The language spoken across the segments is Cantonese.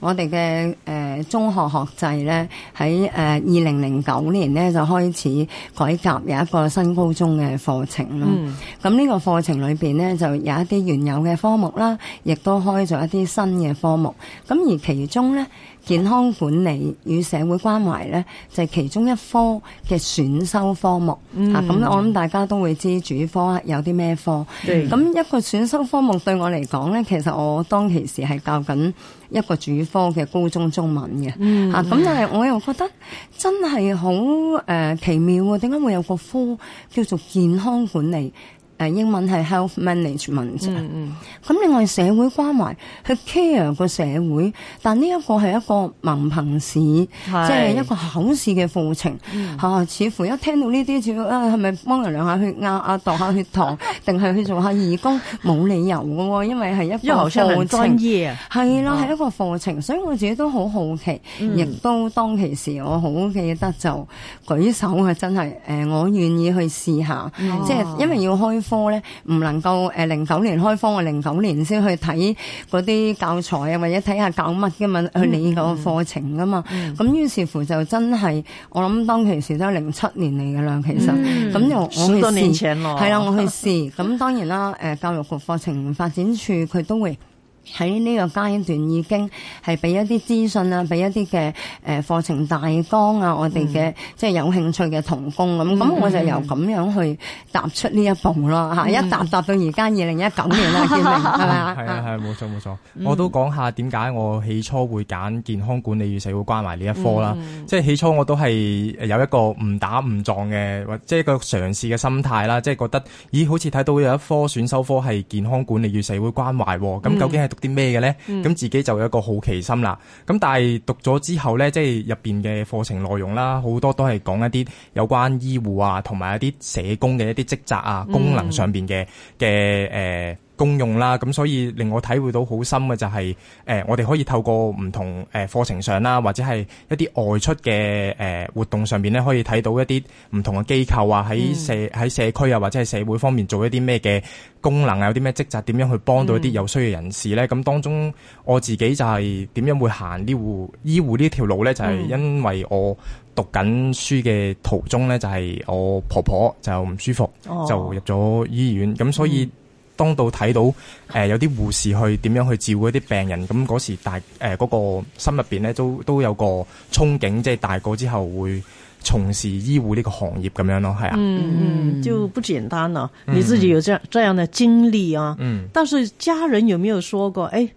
我哋嘅誒中學學制咧，喺誒二零零九年咧就開始改革，有一個新高中嘅課程咯。嗯、咁、呢個課程裏面咧，就有一啲原有嘅科目啦，亦都開咗一啲新嘅科目。咁而其中咧，健康管理與社會關懷呢，就係、是、其中一科嘅選修科目。嗯、啊，咁我諗大家都會知主科有啲咩科。咁、嗯、一個選修科目對我嚟講呢，其實我當其時係教緊一個主科嘅高中中文嘅。嗯、啊，咁但係我又覺得真係好誒、呃、奇妙喎、啊，點解會有個科叫做健康管理？誒英文係 health management，咁、嗯嗯、另外社會關懷去 care 個社會，但呢一個係是一個文憑試，即係一個考試嘅課程嚇、嗯啊。似乎一聽到呢啲，主要啊係咪幫人量下血壓啊，度下血糖，定係去做下義工？冇理由嘅、哦、因為係一個課程，係啦，係、啊嗯、一個課程，所以我自己都好好奇，亦、嗯、都當其時我好記得就舉手啊，真係誒、呃、我願意去試下，哦、即係因為要開。科咧唔能夠誒，零、呃、九年開科啊，零九年先去睇嗰啲教材啊，或者睇下教乜嘅嘛，去理個課程噶嘛。咁於、嗯嗯、是乎就真係，我諗當其時都係零七年嚟㗎喇。其實咁又、嗯、我去試，係啦，我去試。咁 當然啦，誒、呃，教育局課程發展處佢都會。喺呢個階段已經係俾一啲資訊啊，俾一啲嘅、誒課程大綱啊，我哋嘅、嗯、即係有興趣嘅童工咁，咁、嗯、我就由咁樣去踏出呢一步咯、啊、吓，嗯、一踏踏到而家二零一九年啦，係 了、嗯、啊，係啊，係冇錯冇錯，我都講下點解我起初會揀健康管理與社會關懷呢一科啦，嗯、即係起初我都係有一個誤打誤撞嘅，或即係個嘗試嘅心態啦，即係覺得咦，好似睇到有一科選修科係健康管理與社會關懷，咁究竟係？啲咩嘅咧？咁自己就有一個好奇心啦。咁但係讀咗之後咧，即係入面嘅課程內容啦，好多都係講一啲有關醫護啊，同埋一啲社工嘅一啲職責啊、功能上面嘅嘅誒。嗯公用啦，咁所以令我體會到好深嘅就係、是、誒、呃，我哋可以透過唔同誒課程上啦，或者係一啲外出嘅誒、呃、活動上面咧，可以睇到一啲唔同嘅機構啊，喺社喺社區啊，或者係社會方面做一啲咩嘅功能啊，有啲咩職責點樣去幫到一啲有需要嘅人士咧。咁、嗯、當中我自己就係點樣會行呢戶醫護呢條路咧，就係、是、因為我讀緊書嘅途中咧，就係、是、我婆婆就唔舒服，哦、就入咗醫院，咁所以。嗯當到睇到誒、呃、有啲護士去點樣去照顧一啲病人，咁嗰時大誒嗰、呃那個心入面咧，都都有個憧憬，即係大個之後會從事醫護呢個行業咁樣咯，係啊，嗯嗯，就不簡單啊！嗯、你自己有這樣這樣的經歷啊，嗯，但是家人有沒有說過？誒、嗯哎，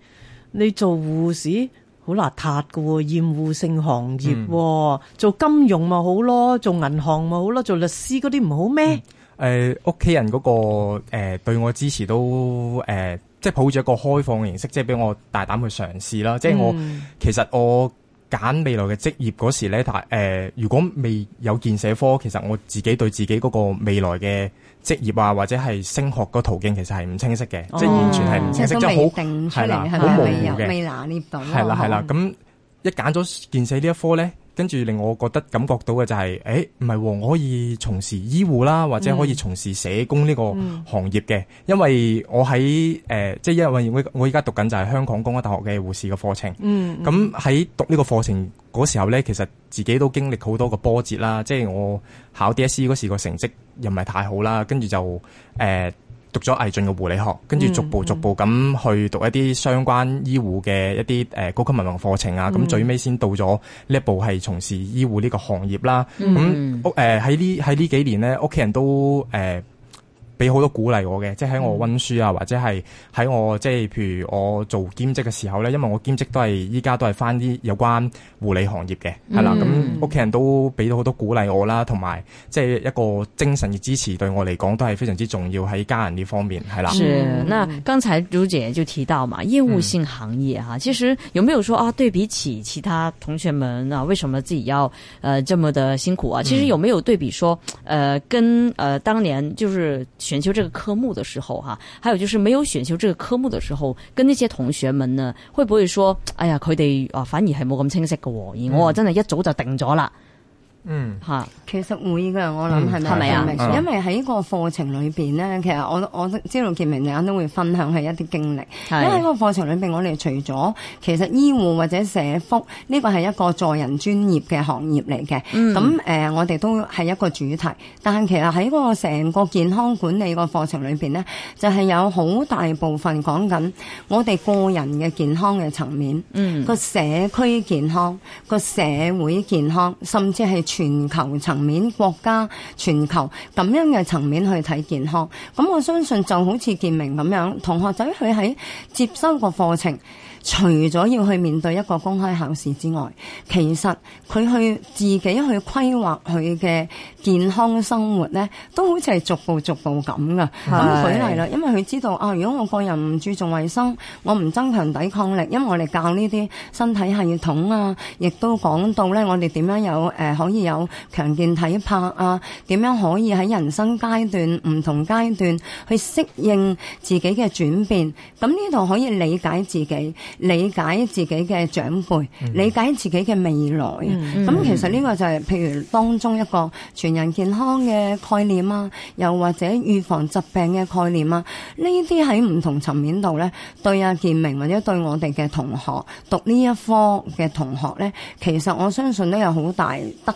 你做護士好邋遢㗎喎，厭惡、哦、性行業、哦，嗯、做金融咪好咯，做銀行咪好咯，做律師嗰啲唔好咩？誒屋企人嗰、那個誒、呃、對我支持都誒、呃，即係抱住一個開放嘅形式，即係俾我大膽去嘗試啦。即係我、嗯、其實我揀未來嘅職業嗰時咧，誒、呃、如果未有建築科，其實我自己對自己嗰個未來嘅職業啊，或者係升學個途徑，其實係唔清晰嘅，哦、即係完全係唔清晰，哦、即係好係啦，好吧吧模糊嘅。未拿捏到、哦，係啦係啦，咁一揀咗建築呢一科咧。跟住令我覺得感覺到嘅就係、是，誒唔係我可以從事醫護啦，或者可以從事社工呢個行業嘅。嗯嗯、因為我喺、呃、即係因為我而依家讀緊就係香港公開大學嘅護士嘅課程。咁喺、嗯嗯、讀呢個課程嗰時候咧，其實自己都經歷好多個波折啦，即係我考 DSE 嗰時個成績又唔係太好啦，跟住就、呃讀咗藝進嘅護理學，跟住逐步逐步咁去讀一啲相關醫護嘅一啲誒高級文憑課程啊，咁、嗯、最尾先到咗呢一步係從事醫護呢個行業啦。咁屋誒喺呢喺呢幾年咧，屋企人都誒。呃俾好多鼓勵我嘅，即係喺我溫書啊，或者係喺我即係，譬如我做兼職嘅時候呢，因為我兼職都係依家都係返啲有關護理行業嘅，係、嗯、啦，咁屋企人都俾到好多鼓勵我啦，同埋即係一個精神嘅支持，對我嚟講都係非常之重要，喺家人呢方面，係啦。是，嗱，剛才朱姐就提到嘛，業務性行業哈、啊，嗯、其實有冇有說啊？對比起其他同學們啊，為什麼自己要誒、呃、這麼的辛苦啊？其實有冇有對比說，誒、嗯呃、跟誒、呃、當年就是？選修這個科目的時候，哈，還有就是沒有選修這個科目的時候，跟那些同學們呢，會不會說，哎呀，佢哋啊，反而係冇咁清晰嘅，而我啊，真係一早就定咗啦。嗯，吓，其實會噶，我諗係咪啊？嗯、因為喺個課程裏邊咧，其實我我知道健明眼都會分享係一啲經歷。是因為喺個課程裏邊，我哋除咗其實醫護或者社福呢、這個係一個助人專業嘅行業嚟嘅，咁誒、嗯呃，我哋都係一個主題。但係其實喺個成個健康管理個課程裏邊咧，就係、是、有好大部分講緊我哋個人嘅健康嘅層面，個、嗯、社區健康、個社會健康，甚至係全球層面、國家、全球咁樣嘅層面去睇健康，咁我相信就好似健明咁樣同學仔佢喺接收個課程，除咗要去面對一個公開考試之外，其實佢去自己去規劃佢嘅健康生活咧，都好似係逐步逐步咁噶。咁舉例啦，因為佢知道啊，如果我個人唔注重衛生，我唔增強抵抗力，因為我哋教呢啲身體系統啊，亦都講到咧，我哋點樣有誒、呃、可以。有強健體魄啊，點樣可以喺人生階段唔同階段去適應自己嘅轉變？咁呢度可以理解自己，理解自己嘅長輩，mm hmm. 理解自己嘅未來。咁、mm hmm. 其實呢個就係譬如當中一個全人健康嘅概念啊，又或者預防疾病嘅概念啊，呢啲喺唔同層面度呢，對阿健明或者對我哋嘅同學讀呢一科嘅同學呢，其實我相信都有好大得。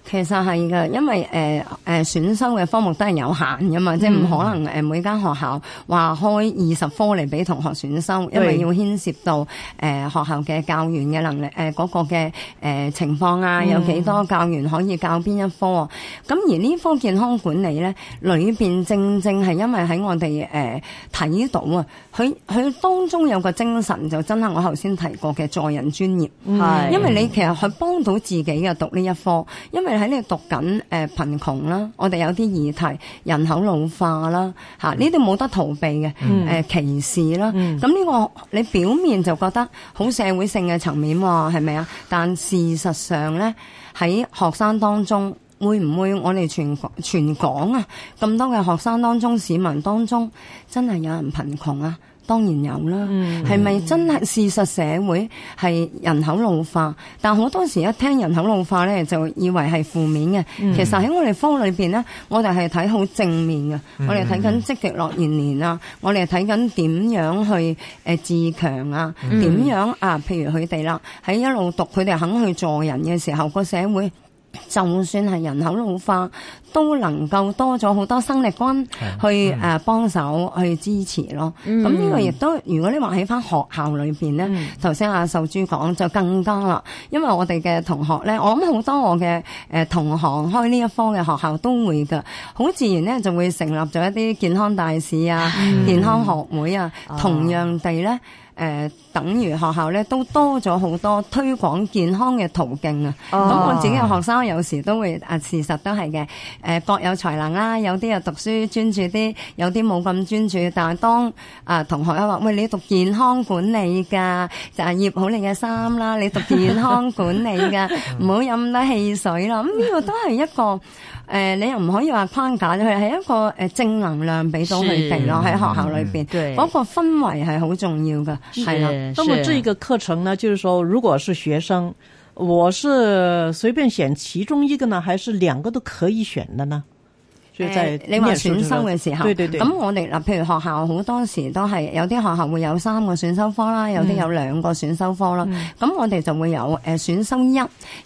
其實係嘅，因為誒誒、呃、選修嘅科目都係有限嘅嘛，嗯、即係唔可能誒每間學校話開二十科嚟俾同學選修，對因為要牽涉到誒、呃、學校嘅教員嘅能力誒、呃嗰個嘅誒、呃、情況啊，嗯、有幾多教員可以教邊一科，咁、啊、而呢科健康管理咧裏邊正正係因為喺我哋誒睇到啊，佢佢當中有個精神就真係我頭先提過嘅助人專業，係、嗯，是因為你其實佢幫到自己嘅讀呢一科，因為。喺呢度讀緊誒貧窮啦，我哋有啲議題，人口老化啦，吓呢啲冇得逃避嘅，誒、mm. 呃、歧視啦，咁呢、mm. 呢個你表面就覺得好社會性嘅層面喎係咪啊？但事實上咧，喺學生當中會唔會我哋全全港啊咁多嘅學生當中，市民當中真係有人貧窮啊？當然有啦，係咪、嗯、真係事實？社會係人口老化，但好多時一聽人口老化咧，就以為係負面嘅。嗯、其實喺我哋科裏邊咧，我哋係睇好正面嘅。嗯、我哋睇緊積極樂年年啊，我哋係睇緊點樣去誒自強啊？點、嗯、樣啊？譬如佢哋啦，喺一路讀，佢哋肯去助人嘅時候，個社會，就算係人口老化，都能夠多咗好多生力軍去、嗯啊、幫手去支持咯。咁呢個亦都，如果你話喺翻學校裏面呢，頭先阿秀珠講就更加啦。因為我哋嘅同學呢，我諗好多我嘅、呃、同行開呢一科嘅學校都會噶，好自然呢，就會成立咗一啲健康大使啊、嗯、健康學會啊，嗯、啊同樣地呢。誒、呃，等於學校咧都多咗好多推廣健康嘅途徑啊！咁、哦、我自己嘅學生有時都會啊，事實都係嘅。誒、呃，各有才能啦，有啲又讀書專注啲，有啲冇咁專注。但係當啊、呃、同學一話，喂，你讀健康管理噶，就係掖好你嘅衫啦。你讀健康管理噶，唔好飲得汽水啦。咁呢個都係一個。誒、呃，你又唔可以話攀架佢，係一個誒、呃、正能量俾到佢哋咯，喺學校裏邊嗰、嗯、個氛圍係好重要㗎，係啦是。咁過呢個課程呢，就是說，如果是學生，我是隨便選其中一個呢，還是兩個都可以選的呢？就係、是欸、你話選修嘅時候，咁我哋嗱，譬如學校好多時都係有啲學校會有三個選修科啦，有啲有兩個選修科啦，咁、嗯、我哋就會有誒、呃、選修一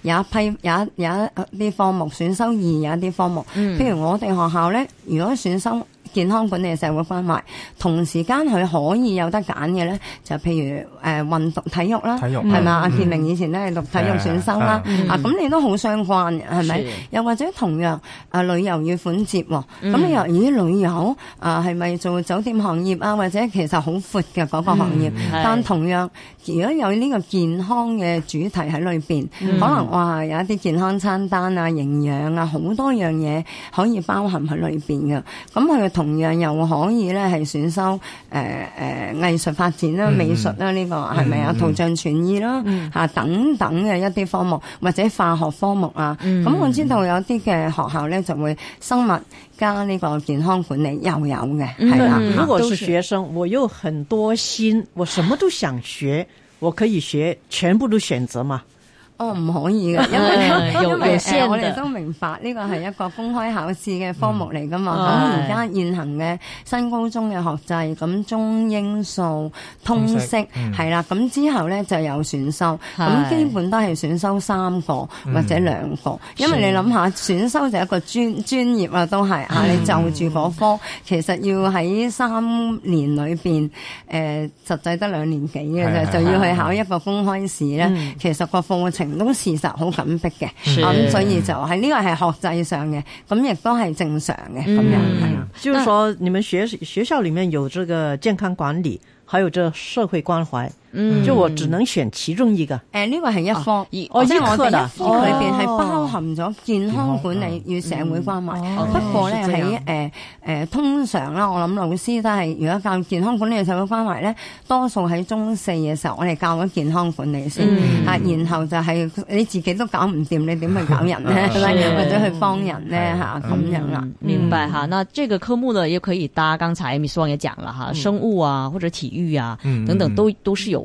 有一批有一有一啲科目，選修二有一啲科目。嗯、譬如我哋學校咧，如果選修。健康管理嘅社會關懷，同時間佢可以有得揀嘅咧，就譬如誒、呃、運動體育啦，體育係嘛？阿健明以前都係讀體育選修啦，嗯、啊咁、嗯啊、你都好相關係咪？嗯、又或者同樣啊、呃、旅遊與款待喎、哦，咁你又咦旅遊啊係咪做酒店行業啊？或者其實好闊嘅嗰個行業，嗯、但同樣如果有呢個健康嘅主題喺裏面，嗯、可能話有一啲健康餐單啊、營養啊，好多樣嘢可以包含喺裏面嘅。咁佢同同樣又可以咧，係選修誒誒藝術發展啦、嗯、美術啦呢個係咪啊？圖、嗯嗯、像傳意啦，吓、嗯、等等嘅一啲科目，或者化學科目啊。咁、嗯嗯嗯、我知道有啲嘅學校咧就會生物加呢個健康管理又有嘅。嗯，的如果是學生，我有很多心，我什麼都想學，唉我可以學全部都選擇嘛。哦，唔可以嘅，因為因為我哋都明白呢個係一個公開考試嘅科目嚟噶嘛。咁而家現行嘅新高中嘅學制，咁中英數通識係啦，咁之後咧就有選修，咁基本都係選修三個或者兩科。因為你諗下，選修就一個專專業啊都係啊，你就住嗰科，其實要喺三年裏邊誒實際得兩年幾嘅啫，就要去考一個公開試咧，其實個課程。咁都事實好緊迫嘅，咁是、嗯、所以就係呢個係學制上嘅，咁亦都係正常嘅咁樣。就係說，你哋學學校裏面有這個健康管理，還有這個社會關懷。嗯，即係我只能選其中一個。誒呢個係一方而即係我哋一裏邊係包含咗健康管理與社會關懷。不過咧喺誒誒通常啦，我諗老師都係如果教健康管理與社會關懷咧，多數喺中四嘅時候，我哋教緊健康管理先吓，然後就係你自己都搞唔掂，你點去搞人咧？或者去幫人咧？吓咁樣啦，明白嚇？嗱呢個科目咧，又可以搭。剛才 Miss Wang 也講啦吓，生物啊，或者體育啊，等等都都是有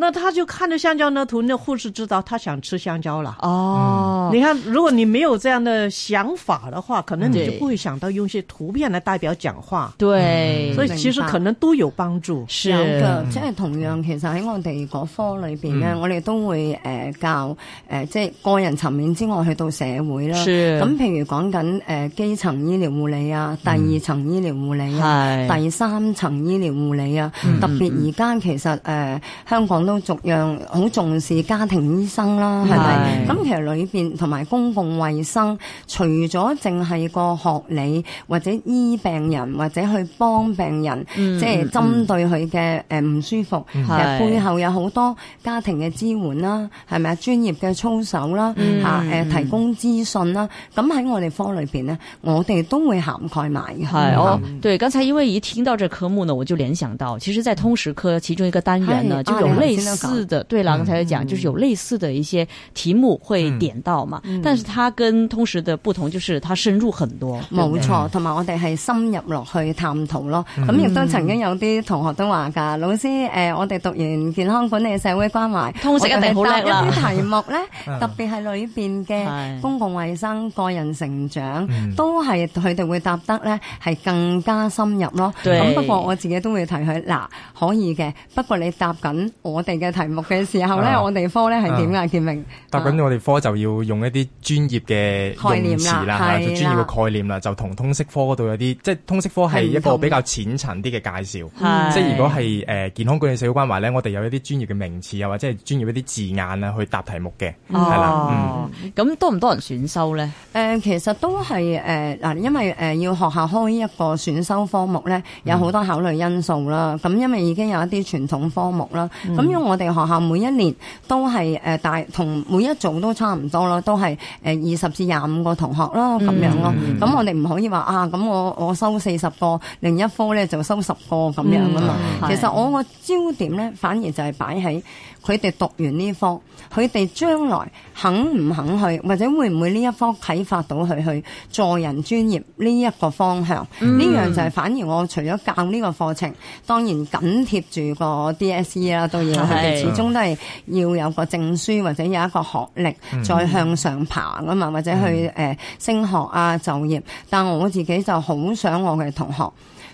那他就看着香蕉那圖，那個護士知道他想吃香蕉啦。哦，你看如果你沒有這樣的想法的話，可能你就不會想到用些圖片來代表講話。對，嗯、所以其實可能都有幫助。白是有嘅，即係同樣，其實喺我哋嗰科裏邊咧，嗯、我哋都會誒、呃、教誒、呃，即係個人層面之外，去到社會啦。咁是譬如講緊誒基層醫療護理啊，第二層醫療護理啊，嗯、第三層醫療護理啊，特別而家其實誒、呃、香港。都逐樣好重視家庭醫生啦，係咪？咁其實裏邊同埋公共衛生，除咗淨係個學理或者醫病人或者去幫病人，即係針對佢嘅誒唔舒服，其實、嗯呃呃嗯、背後有好多家庭嘅支援啦，係咪啊？專業嘅操守啦，嚇誒、嗯啊呃、提供資訊啦，咁、呃、喺我哋科裏邊呢，我哋都會涵蓋埋嘅。係哦，對，剛才因為一聽到這科目呢，我就聯想到，其實在通識科其中一個單元呢，是就有類似的，對啦，剛才講，就是有類似的一些題目會點到嘛，但是它跟通識的不同，就是它深入很多。冇錯，同埋我哋係深入落去探討咯。咁亦都曾經有啲同學都話噶，老師，誒，我哋讀完健康管理、社會關懷，通識一定好叻啦。一啲題目咧，特別係裏邊嘅公共衛生、個人成長，都係佢哋會答得咧，係更加深入咯。咁不過我自己都會提佢，嗱，可以嘅，不過你答緊我。我哋嘅題目嘅時候咧，我哋科咧係點啊？健明答緊，我哋科就要用一啲專業嘅概念啦，專業嘅概念啦，就同通識科嗰度有啲，即係通識科係一個比較淺層啲嘅介紹。即係如果係誒健康管理社會關懷咧，我哋有一啲專業嘅名詞，又或者係專業一啲字眼啊，去答題目嘅，係啦。咁多唔多人選修咧？誒，其實都係誒嗱，因為誒要學校開一個選修科目咧，有好多考慮因素啦。咁因為已經有一啲傳統科目啦，咁。因為我哋學校每一年都係誒大同每一組都差唔多咯，都係誒二十至廿五個同學咯咁、嗯、樣咯。咁、嗯、我哋唔可以話啊，咁我我收四十個，另一科咧就收十個咁樣噶嘛。嗯嗯、其實我個焦點咧，反而就係擺喺佢哋讀完呢科，佢哋將來肯唔肯去，或者會唔會呢一科啟發到佢去助人專業呢一個方向？呢、嗯、樣就係反而我除咗教呢個課程，當然緊貼住個 DSE 啦，都要。我哋始終都係要有個證書或者有一個學歷，再向上爬啊嘛，嗯、或者去誒升學啊就業。但我自己就好想我嘅同學，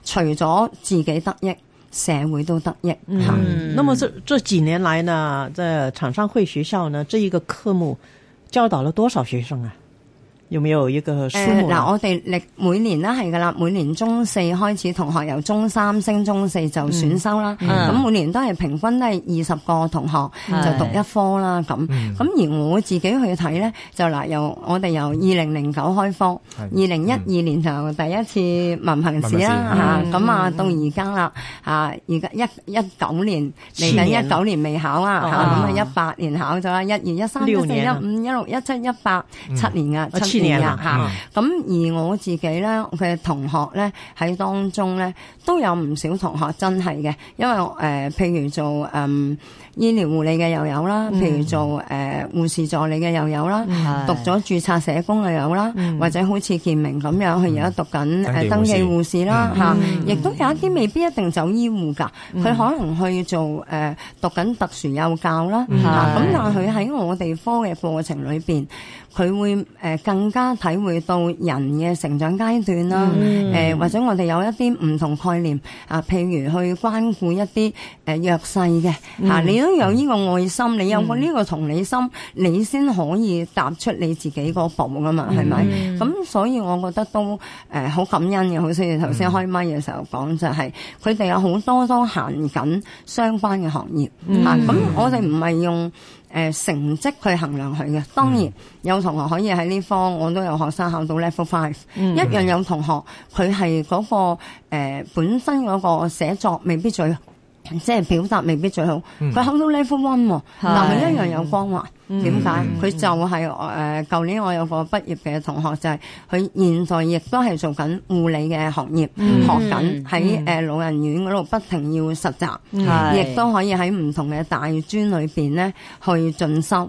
除咗自己得益，社會都得益。嗯，咁啊、嗯，即即幾年嚟啦，即廠商會學校呢？這一個科目教導了多少學生啊？有冇有一個書？嗱，我哋歷每年啦，係噶啦，每年中四開始，同學由中三升中四就選修啦。咁每年都係平均都係二十個同學就讀一科啦。咁咁而我自己去睇咧，就嗱，由我哋由二零零九開科，二零一二年就第一次文憑試啦。吓咁啊，到而家啦。吓而家一一九年嚟緊一九年未考啊。吓咁啊，一八年考咗啦，一二一三一四一五一六一七一八七年啊。啦嚇，咁而我自己咧嘅同學咧喺當中咧都有唔少同學真係嘅，因為誒譬如做嗯醫療護理嘅又有啦，譬如做誒護士助理嘅又有啦，讀咗註冊社工又有啦，或者好似健明咁樣，佢而家讀緊誒登記護士啦嚇，亦都有一啲未必一定走醫護噶，佢可能去做誒讀緊特殊幼教啦嚇，咁但係佢喺我哋科嘅課程裏邊。佢會誒、呃、更加體會到人嘅成長階段啦、啊，誒、嗯呃、或者我哋有一啲唔同概念啊，譬如去關顧一啲誒、呃、弱勢嘅嚇，你都有呢個愛心，你有呢個同理心，嗯、你先可以踏出你自己嗰步㗎嘛，係咪、嗯？咁所以我覺得都誒好、呃、感恩嘅，好似頭先開麥嘅時候講就係、是，佢哋、嗯、有好多都行緊相關嘅行業、嗯、啊，咁我哋唔係用。誒、呃、成績去衡量佢嘅，當然、嗯、有同學可以喺呢方，我都有學生考到 level five，、嗯、一樣有同學，佢係嗰個誒、呃、本身嗰個寫作未必最。即係表達未必最好，佢考到 level one，、哦、是但係一樣有光環。點解、嗯？佢、嗯、就係、是、誒，舊、呃、年我有個畢業嘅同學就係，佢現在亦都係做緊護理嘅行業，嗯、學緊喺誒老人院嗰度不停要實習，亦都是可以喺唔同嘅大專裏邊咧去進修。